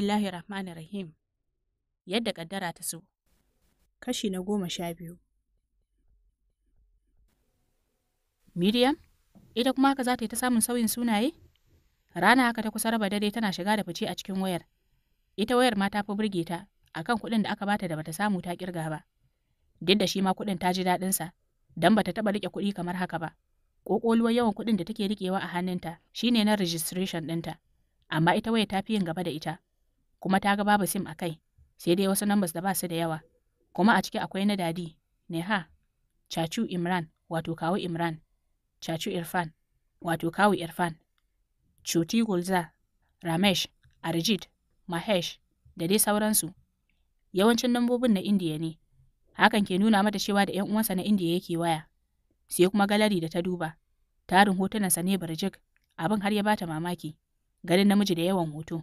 Bismillahi Rahmanir Rahim. Yadda kaddara ta so. Kashi na goma sha biyu. Miriam, ita kuma haka za ta yi ta samun sauyin sunaye? Rana haka ta kusa raba dare tana shiga da fice a cikin wayar. Ita wayar ma ta fi burge ta a kan kuɗin da aka bata da bata samu ta kirga ba. Duk da shi ma kuɗin ta ji daɗinsa, don bata taɓa riƙe kuɗi kamar haka ba. Ƙoƙoluwar yawan kuɗin da take riƙewa a hannunta shine na registration ɗinta. amma ita waya ta fi yin gaba da ita kuma ta ga babu sim a kai, sai dai wasu numbers da ba su da yawa, kuma a ciki akwai na dadi, Neha, Chachu Imran, wato kawu Imran, Chachu Irfan, wato kawu Irfan, Chuti Gulza, Ramesh, Arjit, Mahesh, da dai sauransu. Yawancin lambobin na Indiya ne, hakan ke nuna mata cewa da 'yan uwansa na Indiya yake waya, sai kuma galari da ta duba, tarin hotunansa ne barjik, abin har ya bata mamaki, ganin namiji da yawan hoto.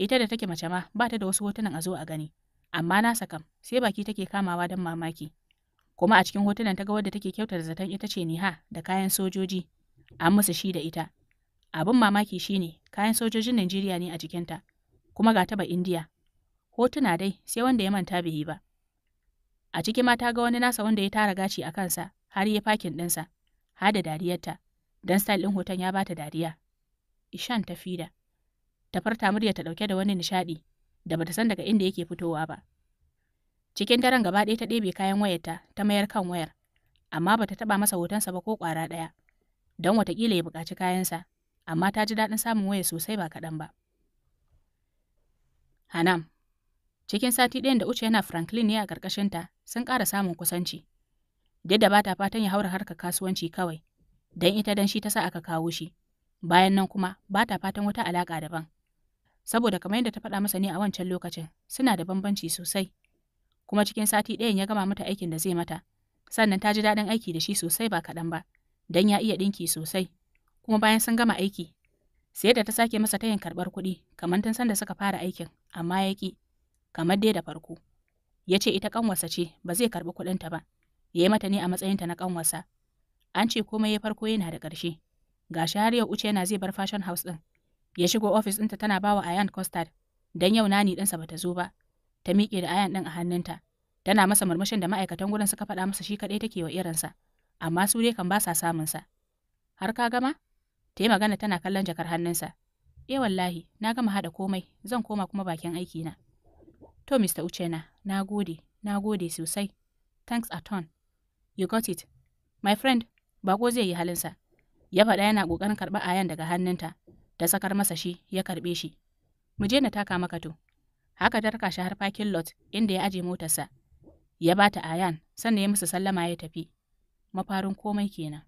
ita da take mace ma ba ta da wasu hotunan a zo a gani amma nasa kam sai baki take kamawa don mamaki kuma a cikin hotunan ta ga wadda take kyautar zaton ita ce niha da kayan sojoji an musu shi da ita abin mamaki shine kayan sojojin Najeriya ne a jikinta kuma ga taba Indiya hotuna dai sai wanda ya manta bihi ba a ciki ma ta ga wani nasa wanda ya tara gaci a kansa har ya fakin ɗinsa har da dariyarta don style din hoton ya bata dariya ishan ta fida ta farta murya ta dauke da wani nishaɗi da bata san daga inda yake fitowa ba. Cikin daren gaba ɗaya ta ɗebe kayan wayarta ta mayar kan wayar, amma bata taɓa masa hotonsa ba ko ƙwara ɗaya, don watakila ya buƙaci kayansa, amma ta ji daɗin samun wayar sosai ba kaɗan ba. Hanam Cikin sati ɗayan da Uce yana Franklin ne a ƙarƙashinta sun ƙara samun kusanci. Duk da ba ta fatan ya haura harka kasuwanci kawai, don ita dan shi ta sa aka kawo shi. Bayan nan kuma ba ta fatan wata alaƙa daban. saboda kamar yadda ta faɗa masa ne a wancan lokacin suna da bambanci sosai kuma cikin sati ɗayan ya gama mata aikin da zai mata sannan ta ji daɗin aiki da shi sosai ba kaɗan ba Dan ya iya ɗinki sosai kuma bayan sun gama aiki sai da ta sake masa tayin karɓar kuɗi kamar tun sanda suka fara aikin amma ya ƙi kamar dai da farko ya ce ita ƙanwarsa ce ba zai karɓi kuɗinta ba ya yi mata ne a matsayinta na ƙanwarsa an ce komai ya farko yana da ƙarshe gashi har yau uce yana zai bar fashion house ɗin Ya shigo ofis ɗinta tana ba wa Ayan custard, don yau nani ɗinsa bata zo ba. Ta miƙe da Ayan ɗin a hannunta, tana masa murmushin da ma'aikatan gurin suka faɗa masa shi kaɗai take wa irinsa, amma su dai kan ba sa samunsa. Har ka gama? Ta yi magana tana kallon jakar hannunsa. E wallahi, na gama haɗa komai, zan koma kuma bakin aikina. To, Mr. Uchena, na gode, na gode sosai. Thanks a ton. You got it. My friend, bako zai yi halinsa. Ya faɗa yana ƙoƙarin karɓa ayan daga hannunta, da tsakar masa shi ya karɓe shi. Mu je na taka maka to. Haka ta raka shi har fakin lot inda ya aje motarsa. Ya ba ta ayan sannan ya musu sallama ya tafi. Mafarin komai kenan.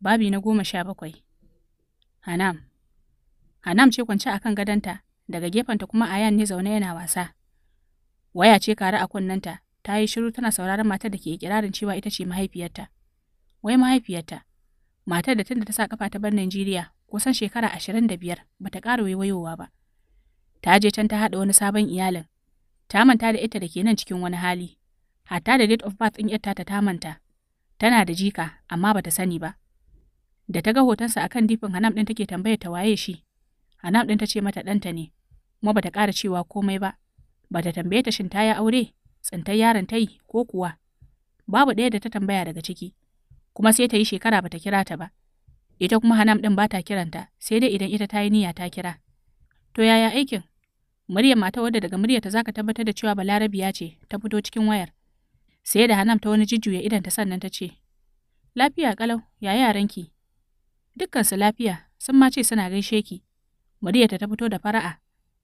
Babi na goma sha bakwai. Hanam. Hanam ce kwance a kan gadonta daga gefenta kuma ayan ne zaune yana wasa. Waya ce kare a kunnenta ta yi shiru tana sauraron matar da ke kirarin cewa ita ce mahaifiyarta. Wai mahaifiyarta, matar da tunda ta sa kafa ta bar Najeriya kusan shekara ashirin da biyar ba ta ƙara waiwayowa ba. Ta je can ta haɗa wani sabon iyalin, ta manta da ita da ke nan cikin wani hali, hatta da date of birth ɗin yarta ta manta, tana da jika amma ba ta sani ba. Da ta ga hotonsa akan difin Hanam ɗin take tambaya ta waye shi, Hanam ɗin ta ce mata ɗanta ne, kuma ba ta ƙara cewa komai ba, ba ta tambaye ta shin ta yi aure, tsintar yaron ta yi ko kuwa. Babu ɗaya da ta tambaya daga ciki, kuma sai ta yi shekara ba ta kira ta ba. ita kuma Hanam ɗin ba ta kiranta, sai dai idan ita ta yi niyya ta kira. To yaya aikin? Murya mata wadda daga muryarta za ka tabbatar da cewa Balarabiya ce ta fito cikin wayar. Sai da Hanam ta wani jujjuya idan ta sannan ta ce, Lafiya kalau, ya yaranki? Dukkansu lafiya, sun ma ce suna gaishe ki. Muryarta ta fito da fara'a,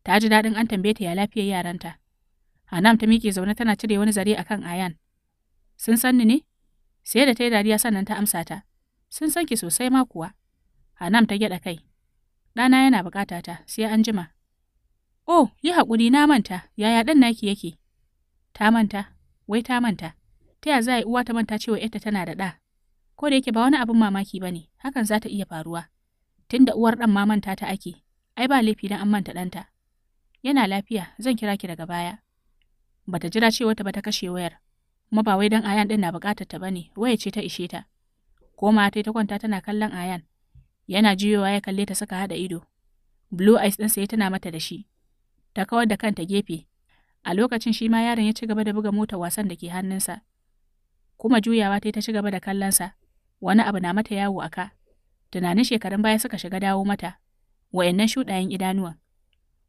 ta ji daɗin an tambaye ta ya lafiyar yaranta. Hanam ta miƙe zaune tana cire wani zare akan Ayan. Sun sanni ne? Sai da ta yi dariya sannan ta amsa ta. Sun san ki sosai ma kuwa. Hanam ta gyaɗa kai. Ɗana yana buƙata ta, sai an jima. Oh, yi haƙuri na manta, yaya ɗan naki yake? Ta manta, wai ta manta. Ta ya za a yi uwa ta manta cewa ‘yarta tana da ɗa? Ko da yake ba wani abin mamaki ba ne, hakan za ta iya faruwa. Tun da uwar ɗan ma manta ta ake, ai ba laifi dan an manta ɗanta. Yana lafiya, zan kira ki daga baya. Bata jira cewa ta ba ta kashe wayar, kuma ba wai dan ayan ɗin na buƙatar ta ba ne, waya ce ta ishe ta. Koma ta ta kwanta tana kallon Ayan. Yana juyowa ya kalle ta suka haɗa ido. Blue eyes ɗinsa ya tana mata da shi. Ta kawar da kanta gefe. A lokacin shi ma yaron ya ci gaba da buga mota wasan da ke hannunsa. Kuma juyawa ta ta ci gaba da kallonsa. Wani abu na mata yawo a ka. Tunanin shekarun baya suka shiga dawo mata. Wayannan shuɗayen idanuwan.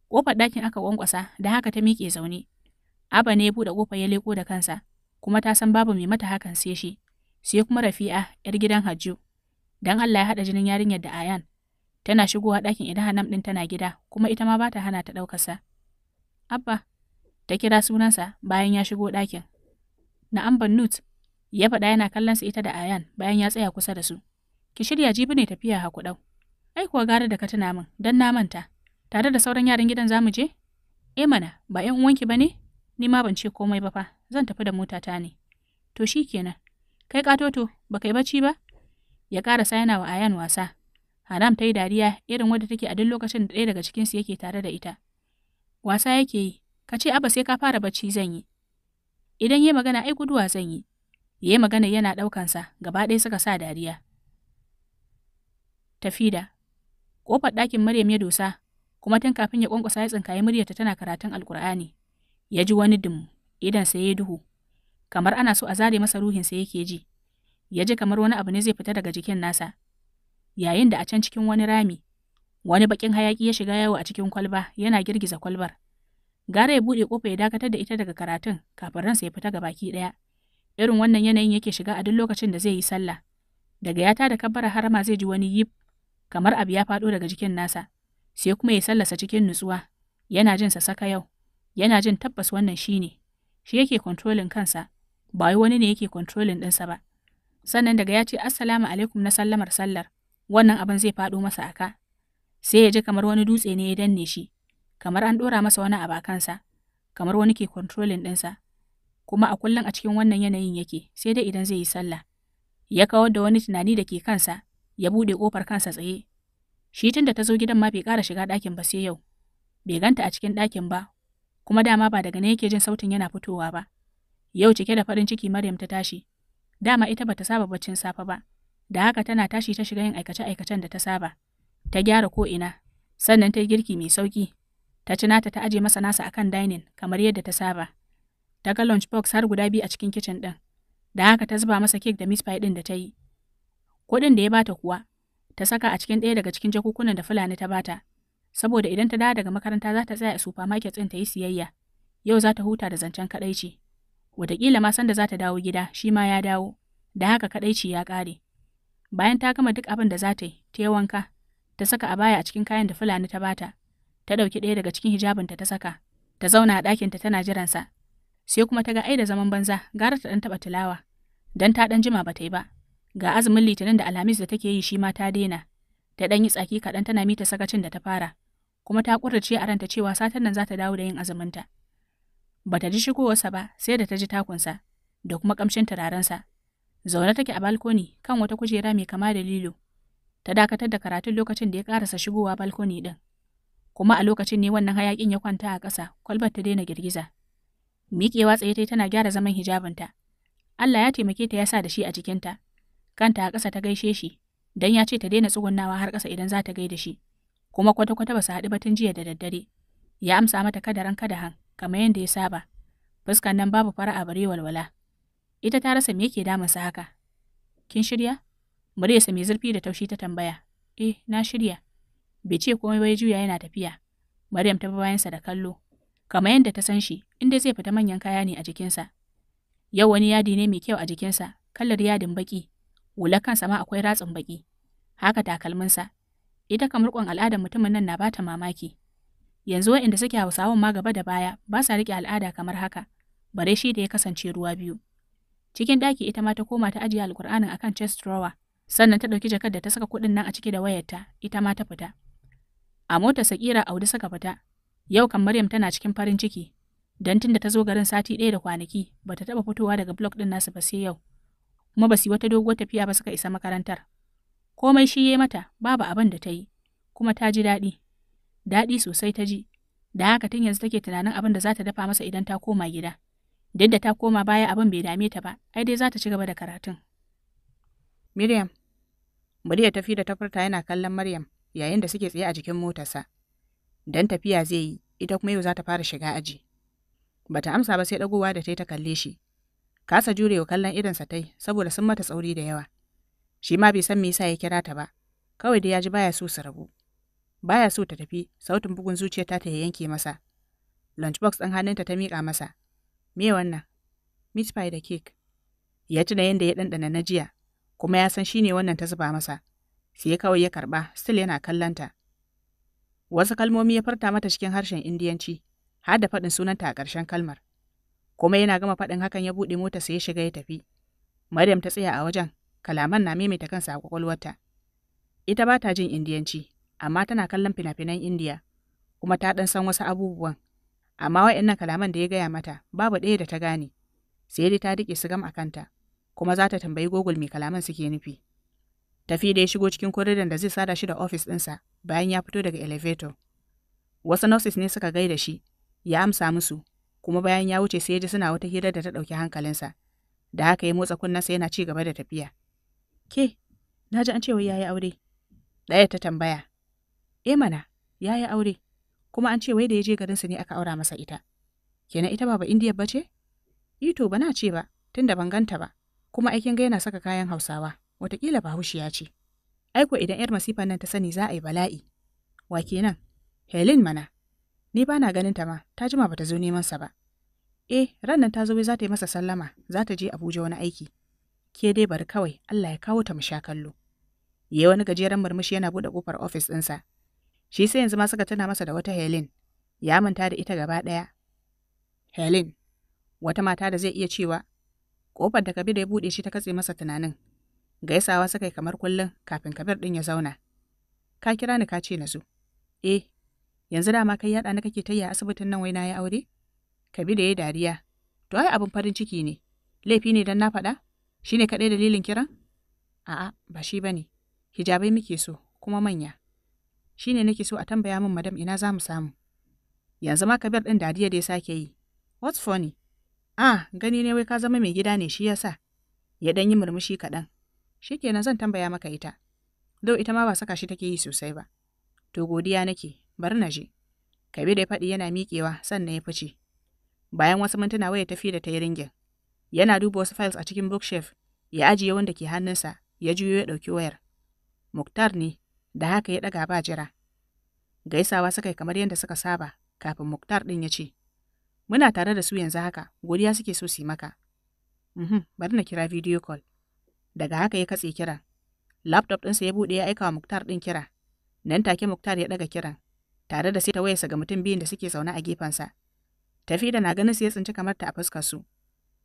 Ƙofar ɗakin aka kwankwasa, da haka ta miƙe zaune. Aba ne ya buɗe kofar ya leƙo da kansa, kuma ta san babu mai mata hakan sai shi. sai kuma Rafi'a, ‘yar gidan hajjo dan Allah ya haɗa jinin yarinyar da Ayan, tana shigowa ɗakin idan Hanam ɗin tana gida, kuma ita ma ba ta hana ta sa Abba, ta kira sunansa bayan ya shigo ɗakin. Na'am nut ya faɗa yana kallon su ita da Ayan bayan ya tsaya kusa da su. Ki shirya jibi ne tafiya hakuɗau. Ai kuwa gara da ka tuna min, dan na manta. Tare da sauran yaran gidan zamu je? eh mana, ba ‘yan uwanki ba ne? Ni ma ban ce komai ba fa, zan tafi da motata ne. To shi kenan, Kai katoto, ba kai bacci ba? Ya ƙarasa yana wa Ayan wasa. Haram ta yi dariya irin wadda take a duk lokacin da ɗaya daga cikinsu yake tare da ita. Wasa yake yi, ka ce aba sai ka fara bacci zan yi. Idan ya magana ai guduwa zan yi. Ya yi magana yana ɗaukansa, gaba ɗaya suka sa dariya. Tafida, ƙofar ɗakin Maryam ya dosa, kuma tun kafin ya ƙwanƙwasa ya tsinkaye muryarta tana karatun Alƙur'ani. Ya ji wani dimu idan sai ya duhu, kamar ana so a zare masa ruhinsa yake ji, ya ji kamar wani abu ne zai fita daga jikin nasa. Yayin da a can cikin wani rami, wani bakin hayaki ya shiga yawo a cikin kwalba yana girgiza kwalbar. Gara ya buɗe kofa ya dakatar da ita daga karatun kafin ransa ya fita ga baki ɗaya. Irin wannan yanayin yake shiga a duk lokacin da zai yi sallah. Daga ya tada kabbara har ma zai ji wani yib kamar abu ya faɗo daga jikin nasa. Sai kuma ya sallasa cikin nutsuwa. Yana jin sa saka yau. Yana jin tabbas wannan shine. Shi yake kontrolin kansa. ba wai wani ne yake controlling ɗinsa ba. Sannan daga ya ce Assalamu alaikum na sallamar sallar, wannan abin zai faɗo masa aka. Sai ya ji kamar wani dutse ne ya danne shi, kamar an ɗora masa wani abu a kansa, kamar wani ke controlling ɗinsa. Kuma a kullum a cikin wannan yanayin yake, sai dai idan zai yi sallah. Ya kawar da wani tunani da ke kansa, ya buɗe ƙofar kansa tsaye. Shi tun da ta zo gidan ma bai ƙara shiga ɗakin ba sai yau. Bai ganta a cikin ɗakin ba, kuma dama ba daga ne yake jin sautin yana fitowa ba. Yau cike da farin ciki Maryam ta tashi. Dama ita bata saba baccin safe ba, da haka tana tashi ta shiga yin aikace-aikacen da ta saba. Ta gyara ko ina sannan ta yi girki mai sauki Ta ci nata ta aje masa nasa akan dining kamar yadda ta saba. Ta ga lunch box har guda biyu a cikin kitchen ɗin. Da haka ta zuba masa cake da meat pie din da ta yi. Kuɗin da ya bata kuwa, ta saka a cikin ɗaya daga cikin jakunkunan da Fulani ta bata. saboda idan ta dawo daga makaranta za ta tsaya a supermarket ɗin ta yi siyayya. Yau za ta huta da zancen kadaici Wataƙila ma sanda za ta dawo gida, shi ma ya dawo, da haka kaɗaici ya ƙare. Bayan ta gama duk abin da za ta yi, ta yi wanka, ta saka a baya a cikin kayan da Fulani ta bata, ta ɗauki ɗaya daga cikin hijabinta ta saka, ta zauna a ɗakinta tana jiransa. Sai kuma ta ga ai da zaman banza, gara ta ɗan taɓa tilawa, dan ta ɗan jima ba ta yi ba. Ga azumin litinin da alhamis da take yi shi ma ta daina, ta ɗan yi tsaki kaɗan tana mita sakacin da ta fara, kuma ta ƙurrace a ranta cewa satan nan za ta dawo da yin azuminta. Ba ta ji shigowarsa ba sai da ta ji takunsa da kuma ƙamshin turarensa. Zaune take a balkoni kan wata kujera mai kama da lilo. Ta dakatar da karatun lokacin da ya ƙarasa shigowa balkoni ɗin. Kuma a lokacin ne wannan hayaƙin ya kwanta a ƙasa, kwalbar ta daina girgiza. Miƙewa tsaye ta tana gyara zaman hijabinta. Allah ya taimake ta ya sa da shi a jikinta. Kanta a ƙasa ta gaishe shi, Dan ya ce ta daina tsugunnawa har ƙasa idan za ta gaida shi. Kuma kwata-kwata ba su haɗu ba tun jiya da daddare. Ya amsa mata kadaran kadahan. kamar yadda ya saba, fuskan nan babu fara'a bare walwala. Ita ta rasa me ke damunsa haka. Kin shirya? Muryarsa mai zurfi da taushi ta tambaya. Eh, na shirya. Bai ce komai ba ya juya yana tafiya. Maryam ta bi bayansa da kallo. Kamar yadda ta san shi, inda zai fita manyan kaya ne a jikinsa. Yau wani yadi ne mai kyau a jikinsa, kallar yadin baki, wula kansa ma akwai ratsin baki. Haka takalminsa, ita kamar kwan al'adar mutumin nan na bata mamaki. Yanzu waɗanda suke Hausawan ma gaba da baya ba sa riƙe al'ada kamar haka, bare shi da ya kasance ruwa biyu. Cikin ɗaki ita ma ta koma ta ajiye alkur'anin akan chest drawer, sannan ta ɗauki jakar da ta saka kuɗin nan a ciki da wayarta, ita ma ta fita. A motar Sakira Audu saka fita, yau kan Maryam tana cikin farin ciki, dan tun da ta zo garin sati ɗaya da kwanaki ba ta taɓa fitowa daga blok ɗin nasu ba sai yau. Kuma ba su wata doguwar tafiya ba suka isa makarantar. Komai shi ya mata, babu abin da ta yi, kuma ta ji daɗi, Daɗi sosai ta ji, da haka tun yanzu take tunanin abin da za ta dafa masa idan ta koma gida. Duk da ta koma baya abin bai dame ta ba, ai dai za ta ci gaba da karatun. Miriam, Murya tafi da ta yana kallon Maryam yayin da suke tsaye a jikin motarsa. Dan tafiya zai yi, ita kuma yau za ta fara shiga aji. Bata amsa ba sai dagowa da ta ta kalle shi. Kasa jurewa kallon idonsa tai saboda sun mata tsauri da yawa. Shi ma bai san me yasa ya kira ta ba. Kawai dai ya ji baya so su rabu. Baya so ta tafi, sautin bugun zuciyarta ta yanke masa. Lunchbox ɗin hannunta ta miƙa masa. Me wannan? Meat pie da cake. Ya tuna yadda ya ɗanɗana na jiya, kuma ya san shi ne wannan ta zuba masa. Sai kawai ya karɓa, still yana kallonta. Wasu kalmomi ya farta mata cikin harshen Indiyanci, har da faɗin sunanta a ƙarshen kalmar. Kuma yana gama faɗin hakan ya buɗe mota sai ya shiga ya tafi. Maryam ta tsaya a wajen, kalaman na maimaita kansa a kwakwalwarta Ita ba ta jin Indiyanci, amma tana kallon fina-finan Indiya, kuma ta ɗan san wasu abubuwan. Amma wa'annan kalaman da ya gaya mata babu ɗaya da ta gane, sai dai ta riƙe su gam a kanta, kuma za ta tambayi Google mai kalaman suke nufi. Tafi da ya shigo cikin koridon da zai sada shi da ofis ɗinsa bayan ya fito daga elevator. Wasu nurses ne suka gaida shi, ya amsa musu, kuma bayan ya wuce sai ya ji suna wata hirar da ta ɗauki hankalinsa. Da haka ya motsa kunnensa yana ci gaba da tafiya. Ke, na ji an cewa ya yi aure. Ɗaya ta tambaya, E mana, ya yi aure, kuma an ce wai da ya je garinsa ne aka aura masa ita. Kenan ita ba Indiya ba ce? Ito eh ba na ce ba, tunda ban ganta ba, kuma aikin ga yana saka kayan Hausawa, wataƙila Bahaushiya ce. Aiko idan 'yar masifan nan ta sani za a yi bala'i. Wa kenan? Helen mana. Ni ba na ganin ta ma, ta jima ba ta zo neman sa ba. Eh, ran nan ta zo za ta yi masa sallama, za ta je Abuja wani aiki. Ke dai bari kawai, Allah ya kawo ta mu sha kallo. Ye wani gajeren murmushi yana buɗe ƙofar ofis ɗinsa, Shi sai yanzu ma suka tuna masa da wata Helen, ya manta da ita gaba ɗaya. Helen, wata mata da zai iya cewa, ƙofar da Kabir ya buɗe shi ta katse masa tunanin. Gaisawa suka yi kamar kullum kafin Kabir ɗin ya zauna. Ka kira ni ka ce na zo. Eh, yanzu dama kai yaɗa na kake tayya asibitin nan wai na yi aure? da ya yi dariya. To ai abin farin ciki ne. Laifi ne don na faɗa? Shi ne kaɗai dalilin kiran? A'a, ba shi ba ne. Hijabai muke so, kuma manya. shi ne nake so a tambaya min madam ina za mu samu yanzu ma biyar ɗin dadiya da ya sake yi what's funny ah gani ne wai ka zama mai gida ne shi yasa ya ɗan yi murmushi kaɗan Shi kenan zan tambaya maka ita do ita ma ba saka shi take yi sosai ba to godiya nake bari na je da ya faɗi yana miƙewa sannan ya fice bayan wasu mintuna waya tafi da ta yi ringin yana duba wasu files a cikin bookshelf ya ajiye wanda ke hannunsa ya juyo ya ɗauki wayar muktar ne da haka ya ɗaga ba jira. Gaisawa suka yi kamar yadda suka saba kafin Muktar ɗin ya ce, Muna tare da su yanzu haka, godiya suke so su yi maka. Mhm, bari na kira video call. Daga haka ya katse kiran. Laptop ɗinsa ya buɗe ya aika wa Muktar ɗin kira. Nan take Muktar ya ɗaga kiran, tare da sai ta wayarsa ga mutum biyun da suke zaune a gefensa. Tafi da na ganin su ya tsinci kamar ta a fuskar su.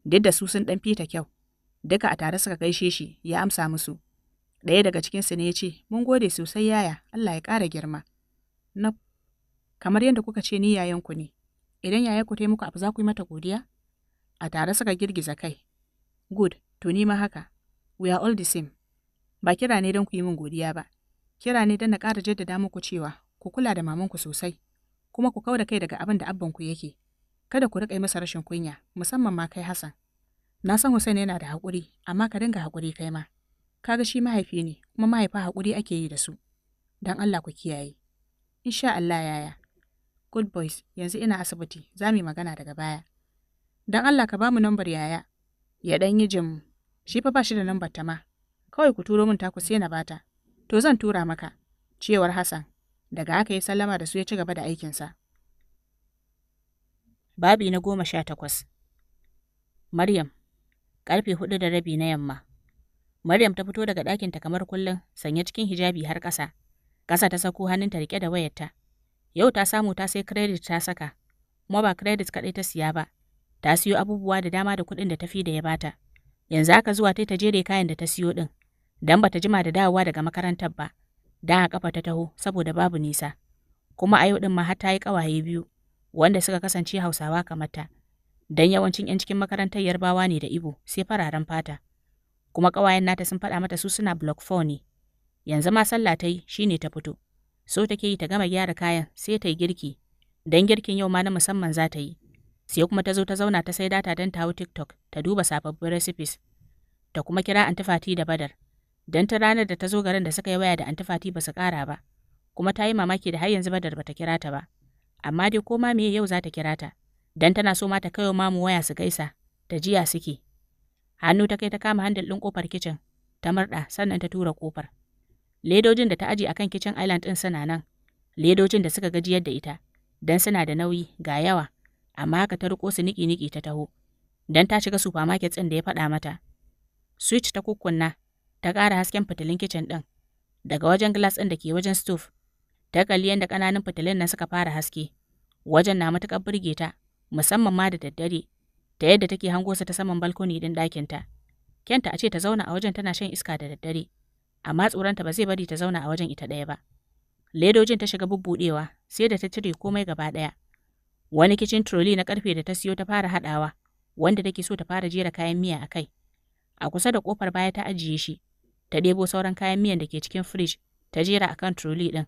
Duk da su sun ɗan fita kyau, duka a tare suka gaishe shi ya amsa musu. Ɗaya daga cikinsu ne ya ce, Mun gode sosai yaya, Allah ya ƙara girma. Na kamar yadda kuka ce ni ku ne, idan yaya ku yi muku abu za ku yi mata godiya? A tare suka girgiza kai. Good, to ni ma haka. We are all the same. Ba kira ne don ku yi min godiya ba. Kira ne don na ƙara jaddada muku cewa ku kula da mamanku sosai, kuma ku kau da kai daga abin da abbanku yake. Kada ku riƙa yi masa rashin kunya, musamman ma kai Hassan. Na san Hussein yana da haƙuri, amma ka dinga haƙuri kai ma. kaga shi mahaifi ne kuma mahaifa haƙuri ake yi da su don Allah ku kiyaye insha Allah yaya good boys yanzu ina asibiti za mu magana daga baya don Allah ka ba mu nambar yaya ya dan yi jim shi fa ba shi da nambar ta ma kawai ku turo min taku sai na bata to zan tura maka cewar Hassan daga aka yi sallama da su ya ci gaba da aikinsa babi na goma sha takwas Maryam, Karfe hudu da rabi na yamma. Maryam ta fito daga ɗakinta kamar kullum, sanye cikin hijabi har ƙasa. Ƙasa ta sako hannunta riƙe da wayarta. Yau ta samu ta sai kredit ta saka, kuma ba kredit kaɗai ta siya ba. Ta siyo abubuwa da dama da kuɗin da ta fi da ya bata. Yanzu aka zuwa ta jere kayan da ta siyo ɗin, don ta jima da dawowa daga makarantar ba. Da a kafa ta taho saboda babu nisa. Kuma a yau ɗin ma har ta yi ƙawaye biyu, wanda suka kasance Hausawa kamar ta. Dan yawancin 'yan cikin makarantar Yarbawa ne da Ibo, sai fararen fata. kuma ƙawayen nata sun faɗa mata su suna block 4 ne. Yanzu ma sallah ta yi shi ne ta fito. So take yi ta gama gyara kayan sai ta yi girki. Don girkin yau ma na musamman za ta yi. Sai kuma ta zo ta zauna ta sai data don ta hau TikTok ta duba sababbin recipes. Ta kuma kira Antifati da Badar. Don ta ranar da ta zo garin da suka yi waya da Antifati ba su ƙara ba. Kuma ta yi mamaki da har yanzu Badar ba ta kira ta ba. Amma dai ko ma me yau za ta kira ta. Don tana so ma ta kai mamu waya su gaisa. Ta jiya suke. Hannu ta kai ta kama handil ɗin ƙofar kicin, ta murɗa sannan ta tura ƙofar. Ledojin da ta aji akan kicin island ɗin suna nan, ledojin da suka gajiyar da ita, dan suna da nauyi ga yawa, amma haka ta riko su niki-niki ta taho, don ta shiga supermarket ɗin da ya faɗa mata. Switch ta kukkunna, ta ƙara hasken fitilin kicin ɗin, daga wajen glass ɗin da ke wajen stove, ta kalli yadda ƙananan fitilin nan suka fara haske, wajen na matuƙar burge ta, musamman ma da daddare, da yadda take hangosa ta saman balkoni din ɗakinta. Kenta a ce ta zauna a wajen tana shan iska da daddare, amma tsoronta ba zai bari ta zauna a wajen ita ɗaya ba. Ledojin ta shiga bubbuɗewa sai da ta cire komai gaba ɗaya. Wani kicin troli na ƙarfe da ta siyo ta fara haɗawa, wanda take so ta fara jera kayan miya a kai. A kusa da ƙofar baya ta ajiye shi, ta ɗebo sauran kayan miyan da ke cikin firij, ta jera a kan troli ɗin.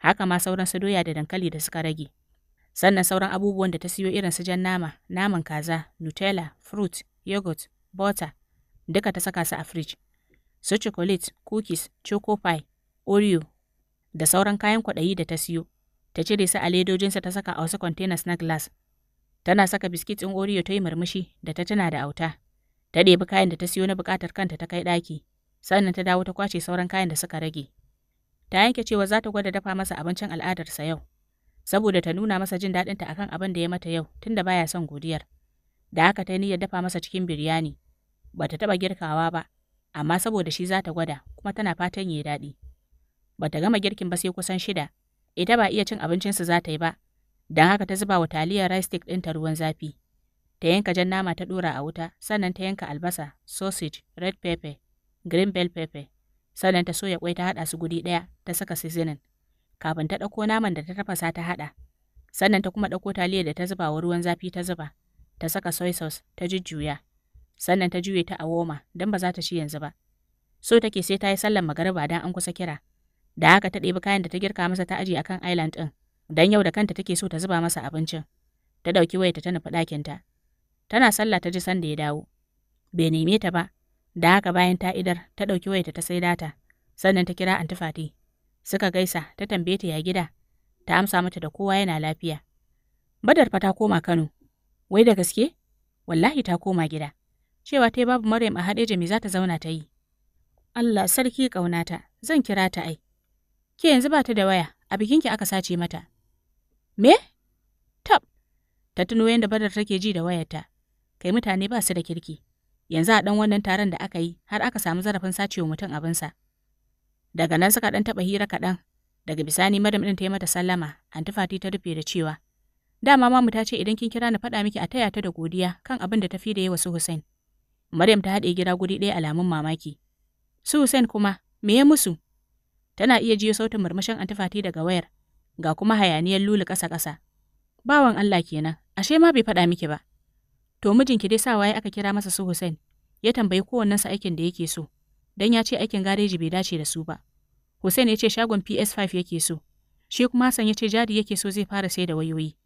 Haka ma sauran su doya da dankali da suka rage. sannan sauran abubuwan da ta siyo irin su jan nama, naman kaza, Nutella, fruit, yogurt, butter, duka ta saka su a fridge. Su chocolate, cookies, choco pie, Oreo da sauran kayan kwaɗayi da ta siyo. Ta cire su a ledojinsa ta saka a wasu containers na glass. Tana saka biskit ɗin Oreo ta yi murmushi da ta tuna da auta. Ta ɗebi kayan da ta siyo na buƙatar kanta ta kai ɗaki, sannan ta dawo ta kwace sauran kayan da suka rage. Ta yanke cewa za ta gwada dafa masa abincin al'adarsa yau. saboda ta nuna masa jin daɗinta akan abin da ya mata yau tunda baya son godiyar. Da haka ta niyyar dafa masa cikin biryani, ba ta taɓa girkawa ba, amma saboda shi za ta gwada kuma tana fatan ya daɗi. Ba ta gama girkin ba sai kusan shida, ita ba iya cin abincinsu za ta yi ba, don haka ta zuba wa taliyar rice stick ɗinta ruwan zafi. ta yanka jan nama ta ɗora a wuta, sannan ta yanka albasa, sausage, red pepper, green bell pepper, sannan ta soya kwai ta haɗa su guri ɗaya, ta saka seasoning. kafin ta ɗauko naman da ta tafasa ta haɗa. Sannan ta kuma ɗauko taliyar da ta zuba wa ruwan zafi ta zuba, ta saka soy sauce ta jujjuya. Sannan ta juye ta a woma don ba za ta ci yanzu ba. So take sai ta yi sallan magariba don an kusa kira. Da haka ta ɗebi kayan da ta girka masa ta a akan island ɗin, don yau da kanta take so ta zuba masa abincin. Ta ɗauki wayarta ta nufi ɗakinta. Tana sallah ta ji sanda ya dawo. Bai neme ta ba, da haka bayan ta idar ta ɗauki wayarta ta sai data, sannan ta kira antifati Suka gaisa, ta tambaye ta ya gida, ta amsa mata da kowa yana lafiya. Badar fa ta koma Kano. Wai da gaske? Wallahi ta koma gida. Cewa ta babu Maryam a haɗe me za ta zauna ta yi. Allah sarki ƙaunata, zan kira ta ai. Ke yanzu ba ta da waya, a bikinki aka sace mata. Me? Tab. Ta tuno yadda Badar take ji da wayarta. Kai mutane ba su da kirki. Yanzu a ɗan wannan taron da aka yi har aka samu zarafin sacewa mutum abinsa. Daga nan suka ɗan taɓa hira kaɗan, daga bisani madam ɗin ta yi mata sallama, anti Fati ta rufe da cewa, Dama mamu ta ce idan kin kira na faɗa miki a taya ta da godiya kan abin da ta fi da yi wa su Hussein. Maryam ta haɗe gira guri ɗaya alamun mamaki. Su Hussein kuma, me ya musu? Tana iya jiyo sautin murmushin fati daga wayar, ga kuma hayaniyar lulu ƙasa-ƙasa. Bawan Allah kenan, ashe ma bai faɗa miki ba. To mijinki dai sa waye aka kira masa su Hussein, ya tambayi kowannensa aikin da yake so, don ya ce aikin gareji bai dace da su ba. Hussein ya ce shagon PS5 yake so. Shi kuma Hassan ya ce jari yake so zai fara sai da wayoyi.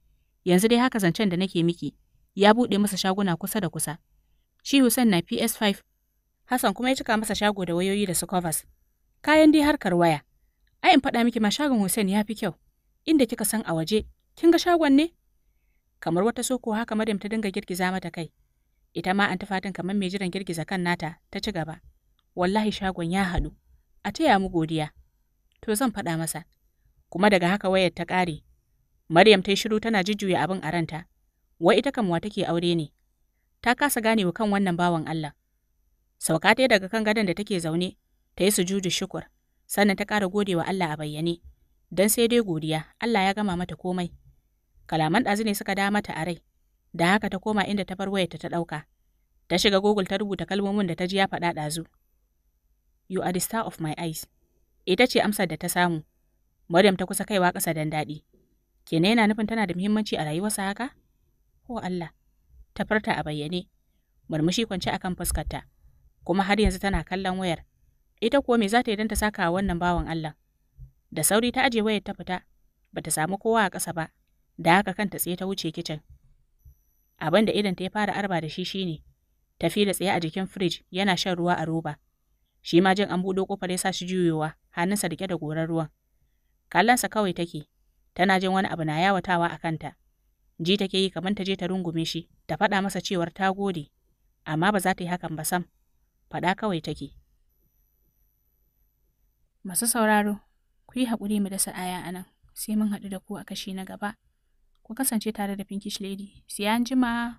Yanzu dai haka zancen da nake miki, ya buɗe masa shaguna kusa da kusa. Shi Hussein na PS5, Hassan kuma ya cika masa shago da wayoyi da su covers. Kayan dai harkar waya. Ai in faɗa miki ma shagon Hussein ya fi kyau. Inda kika san a waje, kin ga shagon ne? Kamar wata soko haka Maryam ta dinga girgiza mata kai. Ita ma an ta fatan kamar mai jiran girgiza kan nata ta ci gaba. Wallahi shagon ya haɗu. A taya mu godiya. To zan faɗa masa. Kuma daga haka wayar ta ƙare. Maryam ta yi shiru tana jujjuya abin a ranta. Wai ita kamuwa take aure ne. Ta kasa gane wa kan wannan bawan Allah. Sauka ta daga kan gadon da take zaune, ta yi sujudu shukur, sannan ta ƙara gode wa Allah a bayyane. Don sai dai godiya, Allah ya gama mata komai. Kalaman ɗazu ne suka da mata a rai, da haka ta koma inda ta bar wayarta ta ɗauka. Ta shiga Google ta rubuta kalmomin da ta ji ya faɗa ɗazu. You are the star of my eyes. Ita ce amsar da ta samu. Maryam ta kusa kaiwa ƙasa dan daɗi. Kenan yana nufin tana da muhimmanci a rayuwarsa haka? Ko Allah, ta farta a bayyane, murmushi kwance akan fuskarta, kuma har yanzu tana kallon wayar. Ita kuwa me za ta yi don ta saka wannan bawan Allah? Da sauri ta aje wayar ta fita, bata samu kowa a ƙasa ba, da haka kanta tsaye ta wuce kicin. Abin da idan ta ya fara arba da shi shine, tafi da tsaye a jikin firij yana shan ruwa a roba. Shi ma jin an buɗe ƙofar ya sa shi juyowa, hannunsa rike da gorar ruwan. Kallonsa kawai take, tana jin wani abu na yawatawa a kanta. Ji take yi kamar ta je ta rungume shi, ta faɗa masa cewar ta gode, amma ba za ta yi hakan ba sam, faɗa kawai take. Masu sauraro, ku yi haƙuri mu dasa aya a nan, sai mun haɗu da ku a kashi na gaba. Ku kasance tare da Pinkish Lady, sai an jima.